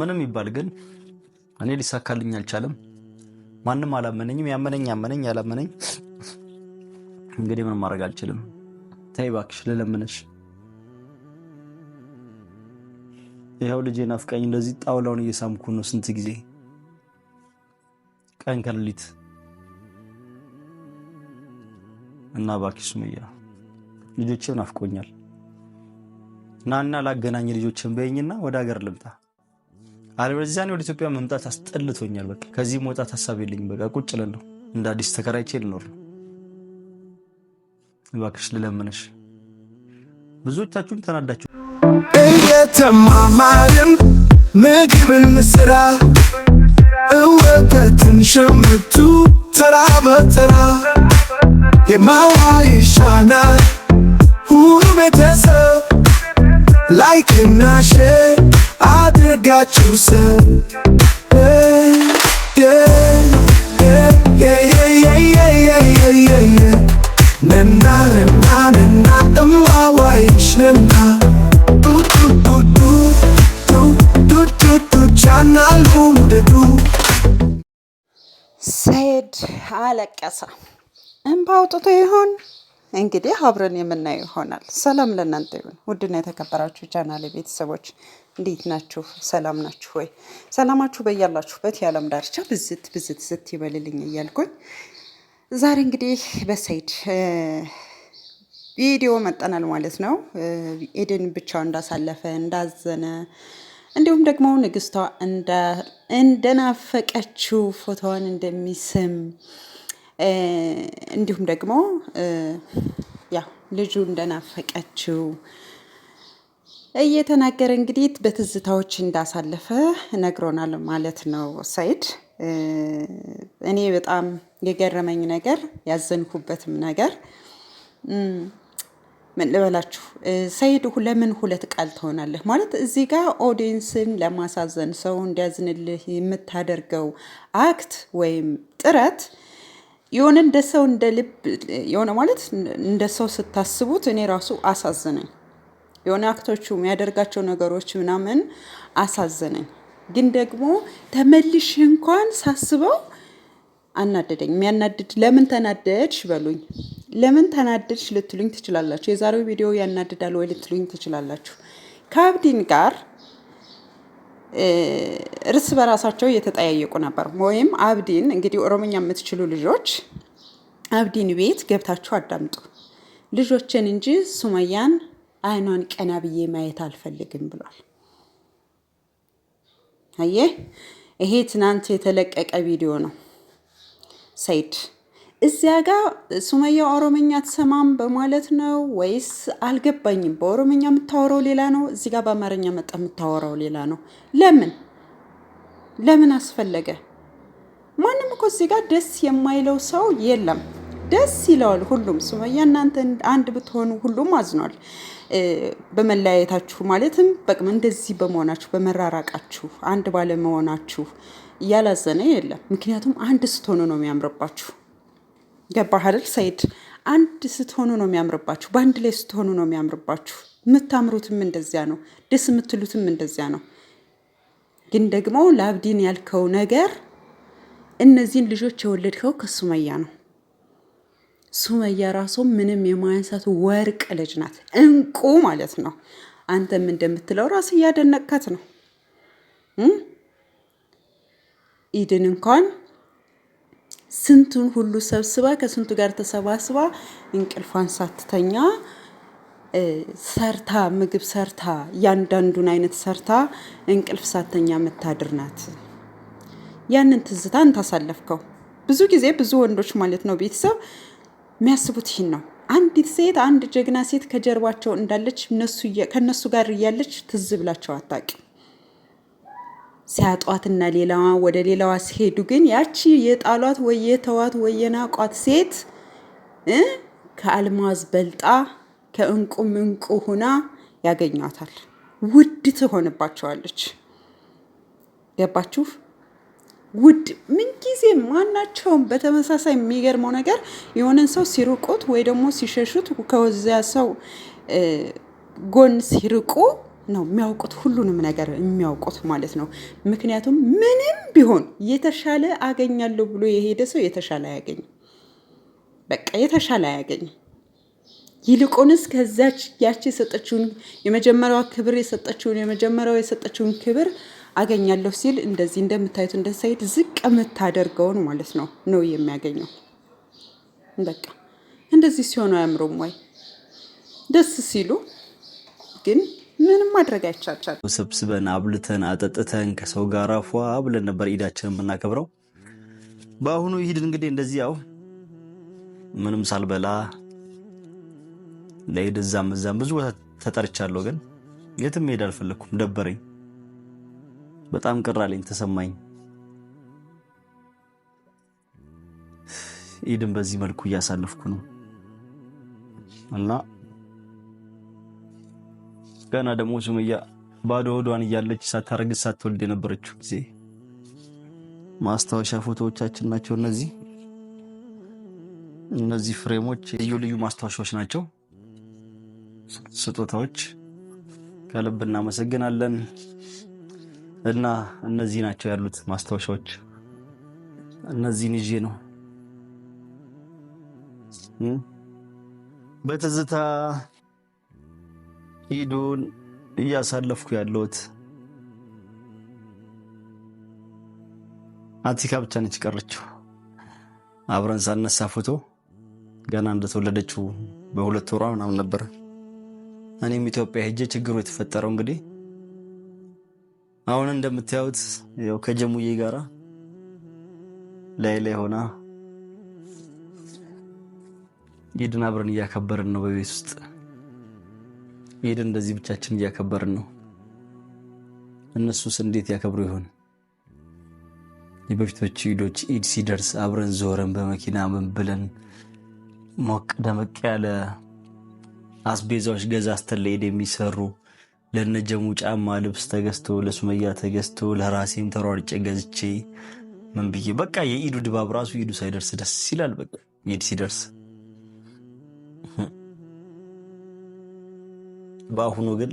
ምንም ይባል ግን እኔ ሊሳካልኝ አልቻለም። ማንም አላመነኝም። ያመነኝ ያመነኝ፣ ያላመነኝ እንግዲህ ምንም ማድረግ አልችልም። ተይ እባክሽ ልለምነሽ። ይኸው ልጄ ናፍቀኝ እንደዚህ ጣውላውን እየሳምኩ ነው ስንት ጊዜ ቀን ከሌሊት እና እባክሽ ሱመያ ልጆቼም ናፍቆኛል። ናና ላገናኝ ልጆችን በይኝና ወደ ሀገር ልምጣ። አለበለዚያ ወደ ኢትዮጵያ መምጣት አስጠልቶኛል። በቃ ከዚህ መውጣት ሀሳብ የለኝም። በቃ ቁጭ እላለሁ። እንደ አዲስ ተከራይቼ ልኖር ነው። እባክሽ ልለምነሽ። ብዙዎቻችሁም ተናዳችሁ እየተማማርን ምግብን ስራ እወተትን ሸምቱ ተራ በተራ የማዋ ይሻናል ሁሉ ቤተሰብ ላይክና ሼር አድርጋችሁ ስም ነና ነና አለቀሰ። እንባ አውጥቶ ይሆን? እንግዲህ አብረን የምናየው ይሆናል። ሰላም ለእናንተ ይሁን። ውድና የተከበራችሁ ቻናሌ ቤተሰቦች እንዴት ናችሁ? ሰላም ናችሁ ወይ? ሰላማችሁ በያላችሁበት የዓለም ዳርቻ ብዝት ብዝት ዝት ይበልልኝ እያልኩኝ ዛሬ እንግዲህ በሰይድ ቪዲዮ መጠናል ማለት ነው። ኤደን ብቻው እንዳሳለፈ እንዳዘነ እንዲሁም ደግሞ ንግስቷ እንደናፈቀችው ፎቶዋን እንደሚስም እንዲሁም ደግሞ ያው ልጁ እንደናፈቀችው እየተናገረ እንግዲህ በትዝታዎች እንዳሳለፈ ነግሮናል ማለት ነው ሰይድ እኔ በጣም የገረመኝ ነገር ያዘንኩበትም ነገር ምን ልበላችሁ፣ ሰይድ ለምን ሁለት ቃል ትሆናለህ? ማለት እዚህ ጋር ኦዲየንስን ለማሳዘን ሰው እንዲያዝንልህ የምታደርገው አክት ወይም ጥረት የሆነ እንደ ሰው እንደ ልብ የሆነ ማለት እንደ ሰው ስታስቡት እኔ ራሱ አሳዝነኝ። የሆነ አክቶቹ የሚያደርጋቸው ነገሮች ምናምን አሳዘነኝ። ግን ደግሞ ተመልሽ እንኳን ሳስበው አናደደኝ። የሚያናድድ ለምን ተናደድሽ በሉኝ። ለምን ተናደድሽ ልትሉኝ ትችላላችሁ። የዛሬው ቪዲዮ ያናድዳል ወይ ልትሉኝ ትችላላችሁ። ከአብዲን ጋር እርስ በራሳቸው እየተጠያየቁ ነበር። ወይም አብዲን እንግዲህ ኦሮምኛ የምትችሉ ልጆች አብዲን ቤት ገብታችሁ አዳምጡ። ልጆችን እንጂ ሱመያን አይኗን ቀና ብዬ ማየት አልፈልግም ብሏል። አየ ይሄ ትናንት የተለቀቀ ቪዲዮ ነው። ሰይድ እዚያ ጋር ሱመያ ኦሮምኛ አትሰማም በማለት ነው ወይስ አልገባኝም። በኦሮምኛ የምታወራው ሌላ ነው፣ እዚህ ጋር በአማርኛ መጣ የምታወራው ሌላ ነው። ለምን ለምን አስፈለገ? ማንም እኮ እዚህ ጋር ደስ የማይለው ሰው የለም። ደስ ይለዋል ሁሉም። ሱመያ እናንተ አንድ ብትሆኑ ሁሉም አዝኗል። በመለያየታችሁ ማለትም በቅም እንደዚህ በመሆናችሁ በመራራቃችሁ አንድ ባለመሆናችሁ እያላዘነ የለም። ምክንያቱም አንድ ስትሆኑ ነው የሚያምርባችሁ። ገባህ አይደል ሰይድ? አንድ ስትሆኑ ነው የሚያምርባችሁ። በአንድ ላይ ስትሆኑ ነው የሚያምርባችሁ። የምታምሩትም እንደዚያ ነው፣ ደስ የምትሉትም እንደዚያ ነው። ግን ደግሞ ለአብዲን ያልከው ነገር እነዚህን ልጆች የወለድከው ከሱመያ ነው። ሱመያ ራሱ ምንም የማያንሳት ወርቅ ልጅ ናት፣ እንቁ ማለት ነው። አንተም እንደምትለው ራስ እያደነቅካት ነው። ኢድን እንኳን ስንቱን ሁሉ ሰብስባ ከስንቱ ጋር ተሰባስባ እንቅልፏን ሳትተኛ ሰርታ ምግብ ሰርታ እያንዳንዱን አይነት ሰርታ እንቅልፍ ሳተኛ መታድር ናት። ያንን ትዝታን ታሳለፍከው ብዙ ጊዜ ብዙ ወንዶች ማለት ነው ቤተሰብ የሚያስቡት ይህን ነው። አንዲት ሴት አንድ ጀግና ሴት ከጀርባቸው እንዳለች ከእነሱ ጋር እያለች ትዝ ብላቸው አታውቅም። ሲያጧትና ሌላዋ ወደ ሌላዋ ሲሄዱ ግን ያቺ የጣሏት ወይ የተዋት ወይ የናቋት ሴት ከአልማዝ በልጣ ከእንቁም እንቁ ሁና ያገኟታል። ውድ ትሆንባቸዋለች። ገባችሁ? ውድ ምንጊዜ ማናቸውም በተመሳሳይ የሚገርመው ነገር የሆነን ሰው ሲርቁት ወይ ደግሞ ሲሸሹት ከዚያ ሰው ጎን ሲርቁ ነው የሚያውቁት፣ ሁሉንም ነገር የሚያውቁት ማለት ነው። ምክንያቱም ምንም ቢሆን የተሻለ አገኛለሁ ብሎ የሄደ ሰው የተሻለ አያገኝ፣ በቃ የተሻለ አያገኝ። ይልቁንስ ከዛች ያቺ የሰጠችውን የመጀመሪያዋ ክብር የሰጠችውን የመጀመሪያው የሰጠችውን ክብር አገኛለሁ ሲል እንደዚህ እንደምታዩት እንደ ሰይድ ዝቅ የምታደርገውን ማለት ነው ነው የሚያገኘው። በቃ እንደዚህ ሲሆኑ አያምሩም ወይ? ደስ ሲሉ ግን ምንም ማድረግ አይቻቻል። ሰብስበን አብልተን አጠጥተን ከሰው ጋር ፏ ብለን ነበር ኢዳችን የምናከብረው። በአሁኑ ይሂድ እንግዲህ እንደዚህ ያው ምንም ሳልበላ ለኢድ እዛም እዛም ብዙ ቦታ ተጠርቻለሁ፣ ግን የትም መሄድ አልፈለግኩም፣ ደበረኝ። በጣም ቅር አለኝ ተሰማኝ። ኢድን በዚህ መልኩ እያሳለፍኩ ነው እና ገና ደግሞ ሱመያ ባዶ ወዷን እያለች ሳታረግዝ ሳትወልድ የነበረችው ጊዜ ማስታወሻ ፎቶዎቻችን ናቸው እነዚህ። እነዚህ ፍሬሞች ልዩ ልዩ ማስታወሻዎች ናቸው፣ ስጦታዎች። ከልብ እናመሰግናለን። እና እነዚህ ናቸው ያሉት ማስታወሻዎች። እነዚህን ይዤ ነው በትዝታ ኢዱን እያሳለፍኩ ያለሁት። አቲካ ብቻ ነች ቀረችው። አብረን ሳነሳ ፎቶ ገና እንደተወለደችው በሁለት ወሯ ምናምን ነበር። እኔም ኢትዮጵያ ሄጄ ችግሩ የተፈጠረው እንግዲህ አሁን እንደምታዩት ያው ከጀሙዬ ጋራ ላይ ላይ ሆና ኢድን አብረን እያከበርን ነው። በቤት ውስጥ ኢድን እንደዚህ ብቻችን እያከበርን ነው። እነሱስ እንዴት ያከብሩ ይሆን? የበፊቶቹ ኢዶች ኢድ ሲደርስ አብረን ዞረን በመኪና ምን ብለን ሞቅ ደመቅ ያለ አስቤዛዎች ገዛ አስተለኢድ የሚሰሩ ለነጀሙ ጫማ ልብስ ተገዝቶ ለሱመያ ተገዝቶ ለራሴም ተሯርጬ ገዝቼ ምን ብዬ በቃ የኢዱ ድባብ ራሱ ኢዱ ሳይደርስ ደስ ይላል። በቃ ኢድ ሲደርስ በአሁኑ ግን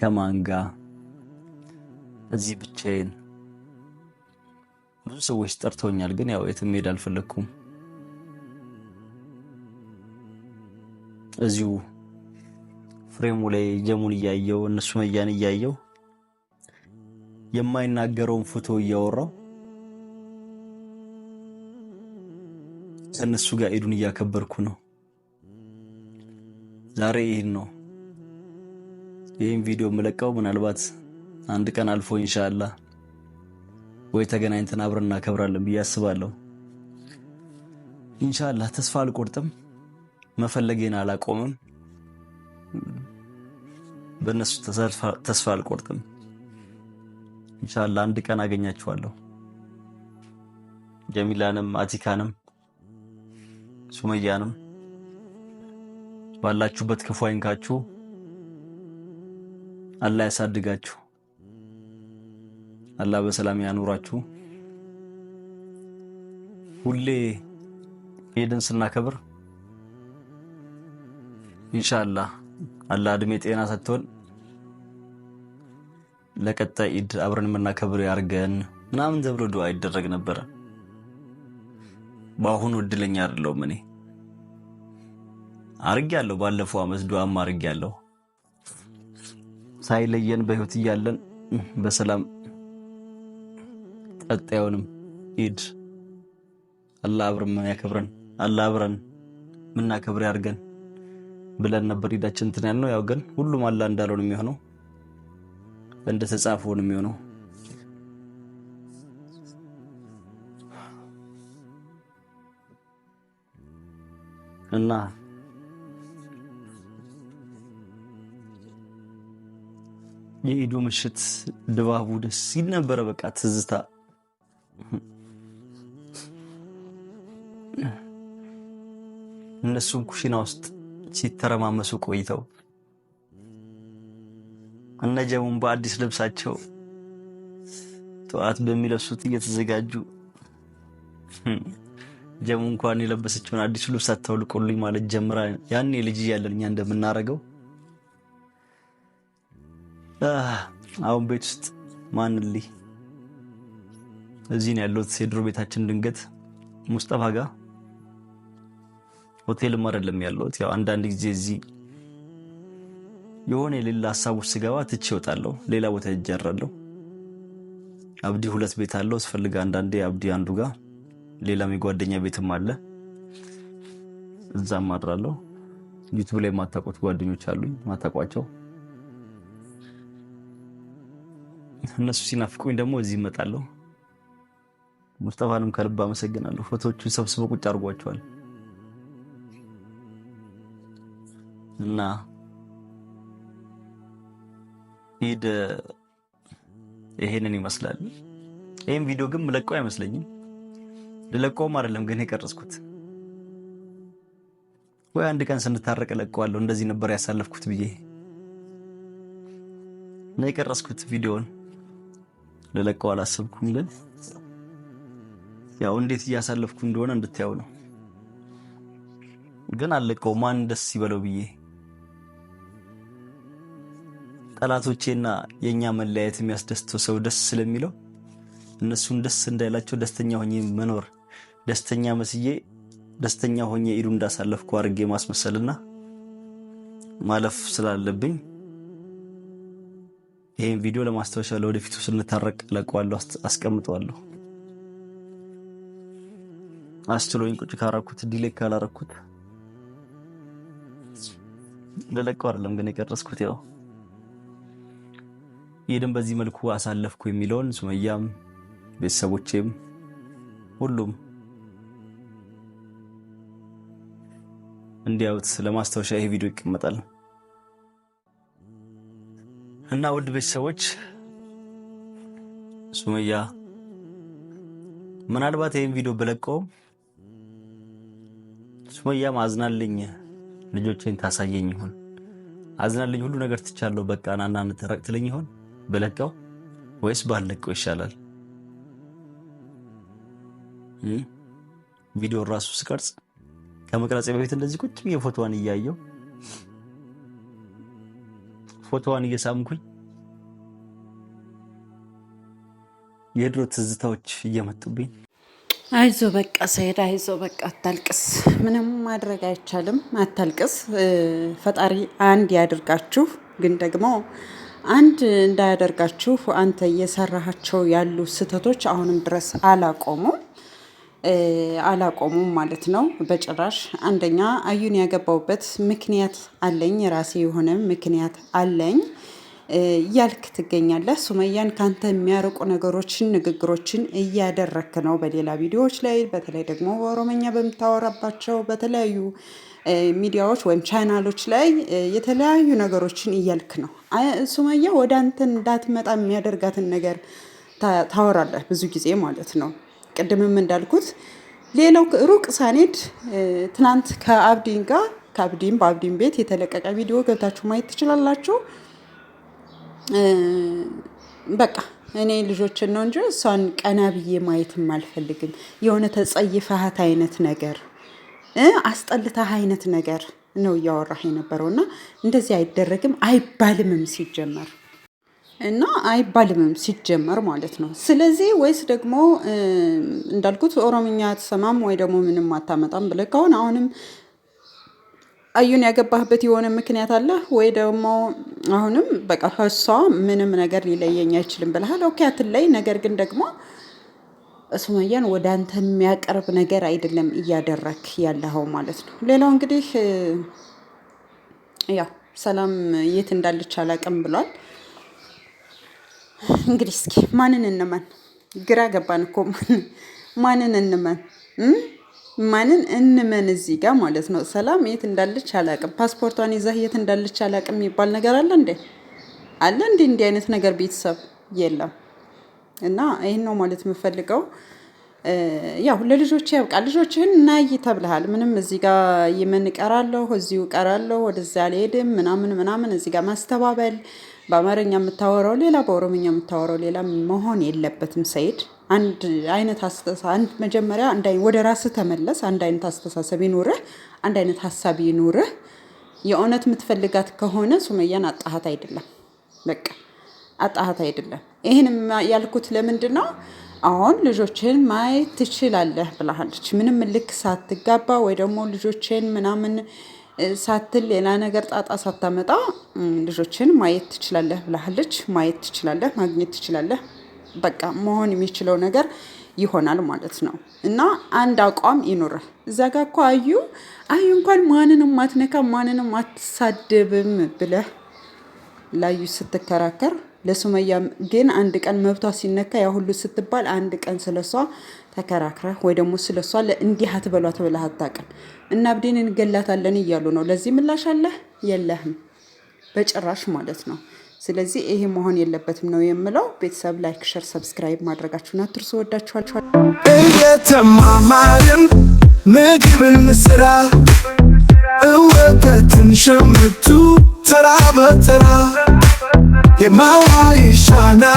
ከማን እዚህ ብቻዬን ብዙ ሰዎች ጠርተውኛል፣ ግን ያው የትም ሄድ አልፈለግኩም። እዚሁ ፍሬሙ ላይ ጀሙን እያየው እነሱ መያን እያየው የማይናገረውን ፍቶ እያወራው ከእነሱ ጋር ኢዱን እያከበርኩ ነው። ዛሬ ይህን ነው። ይህም ቪዲዮ የምለቀው ምናልባት አንድ ቀን አልፎ እንሻላ ወይ ተገናኝተን አብረን እናከብራለን ብዬ አስባለሁ። እንሻላ ተስፋ አልቆርጥም። መፈለጌን አላቆምም። በእነሱ ተስፋ አልቆርጥም። ኢንሻአላህ አንድ ቀን አገኛችኋለሁ። ጀሚላንም፣ አቲካንም፣ ሱመያንም ባላችሁበት ክፉ አይንካችሁ፣ አላህ ያሳድጋችሁ፣ አላህ በሰላም ያኑራችሁ። ሁሌ ዒድን ስናከብር ኢንሻአላህ አላህ እድሜ ጤና ሰጥቶን ለቀጣይ ኢድ አብረን የምናከብር ያርገን ምናምን ተብሎ ዱዓ ይደረግ ነበረ። በአሁኑ እድለኛ አይደለሁም እኔ አርጌያለሁ። ባለፈው አመት ዱዓም አርጌያለሁ። ሳይለየን በህይወት እያለን በሰላም ቀጣዩንም ኢድ አላህ አብረን ያከብረን አላህ አብረን ምናከብር ያርገን። ብለን ነበር ሂዳችን እንትን ያልነው። ያው ግን ሁሉም አላ እንዳለው ነው የሚሆነው፣ ተጻፈው ነው የሚሆነው። እና የኢዱ ምሽት ድባቡ ደስ ሲል ነበረ። በቃ ትዝታ እነሱም ኩሽና ውስጥ ሲተረማመሱ ቆይተው እነጀሙን በአዲስ ልብሳቸው ጠዋት በሚለብሱት እየተዘጋጁ ጀሙ እንኳን የለበሰችውን አዲሱ ልብስ አታውልቁልኝ ማለት ጀምራ ያኔ ልጅ እያለን እኛ እንደምናረገው አሁን ቤት ውስጥ ማንልይ እዚህ ነው ያለሁት። የድሮ ቤታችን ድንገት ሙስጠፋ ጋር ሆቴልም አይደለም ያለሁት። ያው አንዳንድ ጊዜ እዚህ የሆነ የሌላ ሀሳቦች ስገባ ትቼ እወጣለሁ፣ ሌላ ቦታ ይጀራለሁ። አብዲ ሁለት ቤት አለው ስፈልግ አንዳንዴ አብዲ አንዱ ጋር ሌላም የጓደኛ ቤትም አለ፣ እዛም አድራለሁ። ዩቱብ ላይ የማታውቁት ጓደኞች አሉኝ ማታውቋቸው። እነሱ ሲናፍቁኝ ደግሞ እዚህ እመጣለሁ። ሙስጠፋንም ከልብ አመሰግናለሁ። ፎቶዎቹን ሰብስበው ቁጭ አድርጓቸዋል። እና ኢድ ይሄንን ይመስላል። ይህም ቪዲዮ ግን ምለቀው አይመስለኝም። ልለቀውም አይደለም ግን የቀረጽኩት ወይ አንድ ቀን ስንታረቅ እለቀዋለሁ። እንደዚህ ነበር ያሳለፍኩት ብዬ እና የቀረጽኩት ቪዲዮን። ልለቀው አላሰብኩም፣ ግን ያው እንዴት እያሳለፍኩ እንደሆነ እንድታየው ነው። ግን አልለቀውም። ማን ደስ ይበለው ብዬ ጠላቶቼና የእኛ መለያየት የሚያስደስተው ሰው ደስ ስለሚለው እነሱን ደስ እንዳይላቸው ደስተኛ ሆኜ መኖር ደስተኛ መስዬ ደስተኛ ሆኜ ኢዱ እንዳሳለፍኩ አድርጌ ማስመሰልና ማለፍ ስላለብኝ ይህን ቪዲዮ ለማስታወሻ ለወደፊቱ ስንታረቅ ለቀዋለሁ፣ አስቀምጠዋለሁ። አስችሎኝ ቁጭ ካረኩት ዲሌ ካላረኩት ለለቀው አይደለም ግን የቀረስኩት ያው ይህንም በዚህ መልኩ አሳለፍኩ የሚለውን ሱመያም ቤተሰቦቼም ሁሉም እንዲያዩት ለማስታወሻ ይሄ ቪዲዮ ይቀመጣል እና ውድ ቤተሰቦች ሱመያ ምናልባት ይህን ቪዲዮ ብለቀውም ሱመያም አዝናልኝ ልጆቼን ታሳየኝ ይሆን አዝናልኝ ሁሉ ነገር ትቻለሁ በቃ ናና እንታረቅ ትለኝ ይሆን ብለቀው ወይስ ባለቀው ይሻላል? ቪዲዮ ራሱ ስቀርጽ ከመቅረጽ በፊት እንደዚህ ቁጭ ብዬ ፎቶዋን እያየው ፎቶዋን እየሳምኩኝ የድሮ ትዝታዎች እየመጡብኝ፣ አይዞ በቃ ሰይድ፣ አይዞ በቃ አታልቅስ። ምንም ማድረግ አይቻልም። አታልቅስ። ፈጣሪ አንድ ያድርጋችሁ ግን ደግሞ አንድ እንዳያደርጋችሁ አንተ እየሰራሃቸው ያሉ ስህተቶች አሁንም ድረስ አላቆሙም አላቆሙም ማለት ነው በጭራሽ። አንደኛ አዩን ያገባውበት ምክንያት አለኝ፣ የራሴ የሆነ ምክንያት አለኝ እያልክ ትገኛለህ። ሱመያን ከአንተ የሚያርቁ ነገሮችን፣ ንግግሮችን እያደረክ ነው በሌላ ቪዲዮዎች ላይ በተለይ ደግሞ በኦሮመኛ በምታወራባቸው በተለያዩ ሚዲያዎች ወይም ቻናሎች ላይ የተለያዩ ነገሮችን እያልክ ነው። ሱመያ ወደ አንተ እንዳትመጣ የሚያደርጋትን ነገር ታወራለህ ብዙ ጊዜ ማለት ነው። ቅድምም እንዳልኩት ሌላው ሩቅ ሳኔድ ትናንት ከአብዲን ጋር ከአብዲን በአብዲን ቤት የተለቀቀ ቪዲዮ ገብታችሁ ማየት ትችላላችሁ። በቃ እኔ ልጆችን ነው እንጂ እሷን ቀና ብዬ ማየትም አልፈልግም። የሆነ ተጸይፈሃት አይነት ነገር አስጠልታ አይነት ነገር ነው እያወራህ የነበረው እና እንደዚህ አይደረግም አይባልምም ሲጀመር እና አይባልምም ሲጀመር ማለት ነው። ስለዚህ ወይስ ደግሞ እንዳልኩት ኦሮምኛ አትሰማም ወይ ደግሞ ምንም አታመጣም ብለህ ከሆነ አሁንም አዩን ያገባህበት የሆነ ምክንያት አለ ወይ ደግሞ አሁንም በቃ ከሷ ምንም ነገር ሊለየኝ አይችልም ብለሃል። ኦኬ አትለይ፣ ነገር ግን ደግሞ ሱመያን ወደ አንተ የሚያቀርብ ነገር አይደለም እያደረክ ያለኸው ማለት ነው። ሌላው እንግዲህ ያው ሰላም የት እንዳለች አላቅም ብሏል። እንግዲህ እስኪ ማንን እንመን? ግራ ገባን እኮ ማንን እንመን? ማንን እንመን? እዚህ ጋር ማለት ነው። ሰላም የት እንዳለች አላቅም፣ ፓስፖርቷን ይዛህ የት እንዳለች አላቅም የሚባል ነገር አለ እንዴ? አለ እንዴ? እንዲህ አይነት ነገር ቤተሰብ የለም። እና ይህን ነው ማለት የምፈልገው። ያው ለልጆች ያብቃል። ልጆችህን ናይ ተብልሃል። ምንም እዚህ ጋር የምን እቀራለሁ እዚሁ እቀራለሁ ወደዚያ አልሄድም ምናምን ምናምን እዚህ ጋር ማስተባበል፣ በአማርኛ የምታወራው ሌላ በኦሮምኛ የምታወራው ሌላ መሆን የለበትም ሰይድ። አንድ አይነት አስተሳ አንድ መጀመሪያ ወደ ራስህ ተመለስ። አንድ አይነት አስተሳሰብ ይኑርህ፣ አንድ አይነት ሀሳብ ይኑርህ። የእውነት የምትፈልጋት ከሆነ ሱመያን አጣሃት አይደለም በቃ አጣሃት አይደለም። ይህን ያልኩት ለምንድን ነው? አሁን ልጆችን ማየት ትችላለህ ብላሃለች። ምንም ልክ ሳትጋባ ወይ ደግሞ ልጆችን ምናምን ሳትል ሌላ ነገር ጣጣ ሳታመጣ ልጆችን ማየት ትችላለህ ብላሃለች። ማየት ትችላለህ፣ ማግኘት ትችላለህ። በቃ መሆን የሚችለው ነገር ይሆናል ማለት ነው። እና አንድ አቋም ይኖራል። እዛ ጋ እኮ አዩ አዩ እንኳን ማንንም አትነካም፣ ማንንም አትሳድብም ብለህ ላዩ ስትከራከር ለሱመያ ግን አንድ ቀን መብቷ ሲነካ ያ ሁሉ ስትባል አንድ ቀን ስለሷ ተከራክረ ወይ ደግሞ ስለሷ እንዲህ አትበሏት ብለህ አታውቅም። እና አብዴን እንገላታለን እያሉ ነው። ለዚህ ምላሽ አለህ የለህም? በጭራሽ ማለት ነው። ስለዚህ ይሄ መሆን የለበትም ነው የምለው። ቤተሰብ ላይክ፣ ሸር፣ ሰብስክራይብ ማድረጋችሁን አትርሱ። ወዳችኋል። እየተማማርን ምግብን ስራ እወተትን ሸምቱ ተራ በተራ ye mawa ishana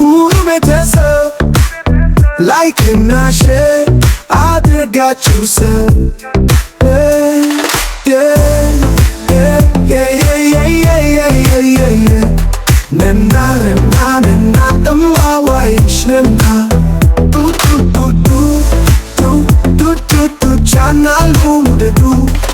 uumetesa like nashe adegachuse Channel home the do